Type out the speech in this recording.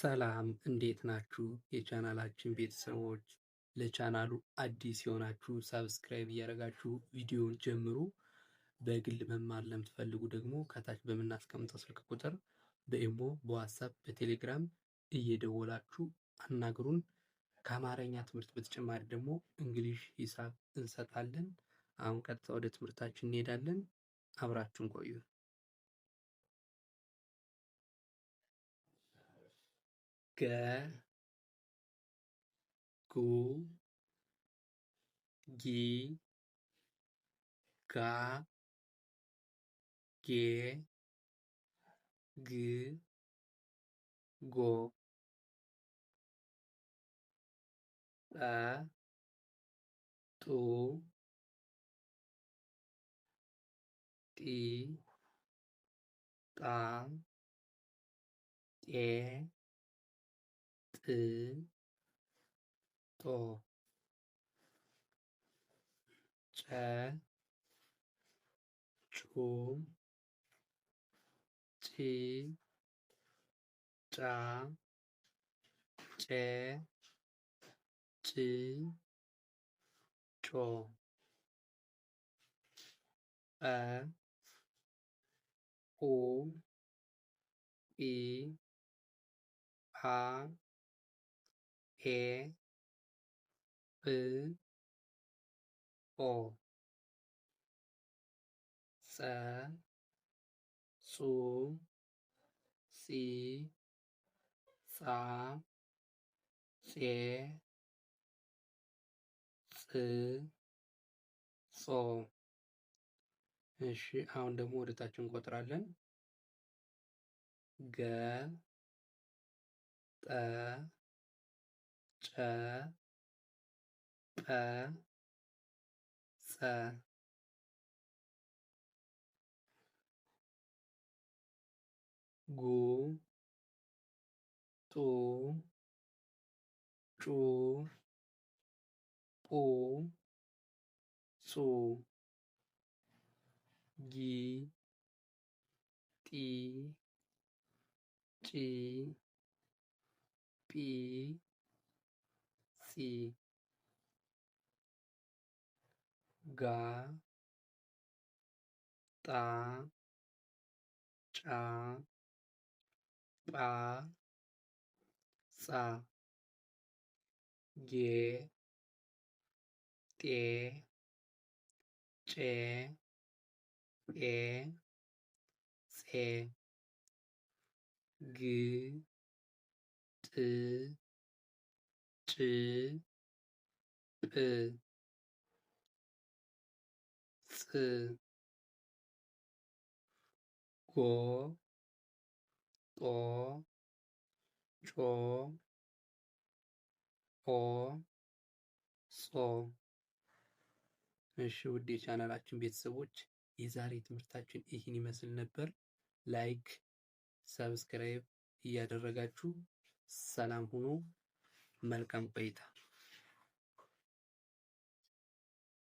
ሰላም እንዴት ናችሁ? የቻናላችን ቤተሰቦች ለቻናሉ አዲስ የሆናችሁ ሳብስክራይብ እያደረጋችሁ ቪዲዮን ጀምሩ። በግል መማር ለምትፈልጉ ደግሞ ከታች በምናስቀምጠው ስልክ ቁጥር በኢሞ፣ በዋትሳፕ፣ በቴሌግራም እየደወላችሁ አናግሩን። ከአማርኛ ትምህርት በተጨማሪ ደግሞ እንግሊሽ፣ ሂሳብ እንሰጣለን። አሁን ቀጥታ ወደ ትምህርታችን እንሄዳለን። አብራችሁን ቆዩ። ገ ጉ ጊ ጋ ጌ ግ ጎ ጰ ጡ ጢ ጣ ጤ እንጦ ጨ ጩ ጪ ጫ ጬ ጭ ጮ ጰ ኡ ኢ ጳ ኤ ብ ኦ ጸ ጹ ጺ ጻ ጼ ፅ ጾ እሺ አሁን ደግሞ ወደታች እንቆጥራለን። ገ ጠ 三、三、三、五、六、六、六、七、七、七、八。ጋ ጣ ጫ ጳ ጻ ጌ ጤ ጬ ጴ ፄ ግ ጥ ጭ ጵ ጽ ጎ ጦ ጮ ኦ ጾ እሺ ውድ የቻናላችን ቤተሰቦች የዛሬ ትምህርታችን ይህን ይመስል ነበር። ላይክ ሰብስክራይብ እያደረጋችሁ ሰላም ሁኑ። Malcampeita.